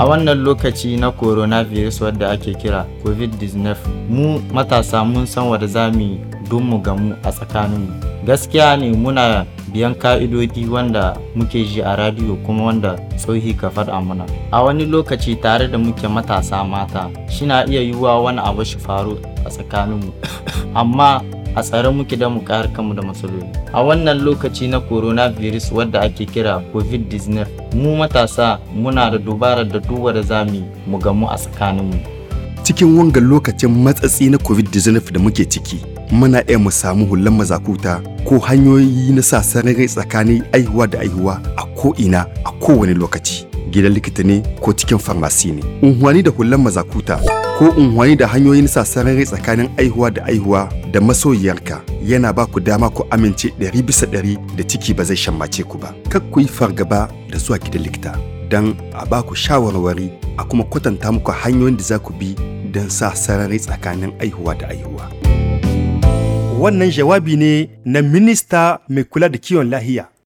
a wannan lokaci na coronavirus wadda ake kira covid-19 mu matasa mun san wadda za mu yi don mu gamu a tsakaninmu gaskiya ne muna biyan ka'idodi wanda muke ji a radiyo kuma wanda tsohi ka faɗa muna a wani lokaci tare da muke matasa mata shina iya yiwuwa wani abu shi faru a tsakaninmu amma a tsare muke da mu kare kanmu da matsaloli a wannan lokaci na virus wadda ake kira covid-19 mu matasa muna da dubara da duba da zami mu gamu a tsakaninmu cikin wangan lokacin matsatsi na covid-19 da muke ciki muna iya mu samu hulan mazakuta ko hanyoyi na sa sarari tsakanin aihuwa da aihuwa a ko'ina a kowane lokaci gidan likita ne ko cikin farmasi ne unhwani da hulan mazakuta ko unhwani da hanyoyin sa sarari tsakanin aihuwa da aihuwa da masoyiyarka yana ba ku dama ku amince ɗari bisa ɗari da ciki ba zai shammace ku ba. Kar ku yi fargaba da zuwa gida likita don a ba ku shawarwari a kuma kwatanta muku hanyoyin da za ku bi don sa sarari tsakanin aihuwa da aihuwa. Wannan jawabi ne na minista mai kula da kiwon lahiya.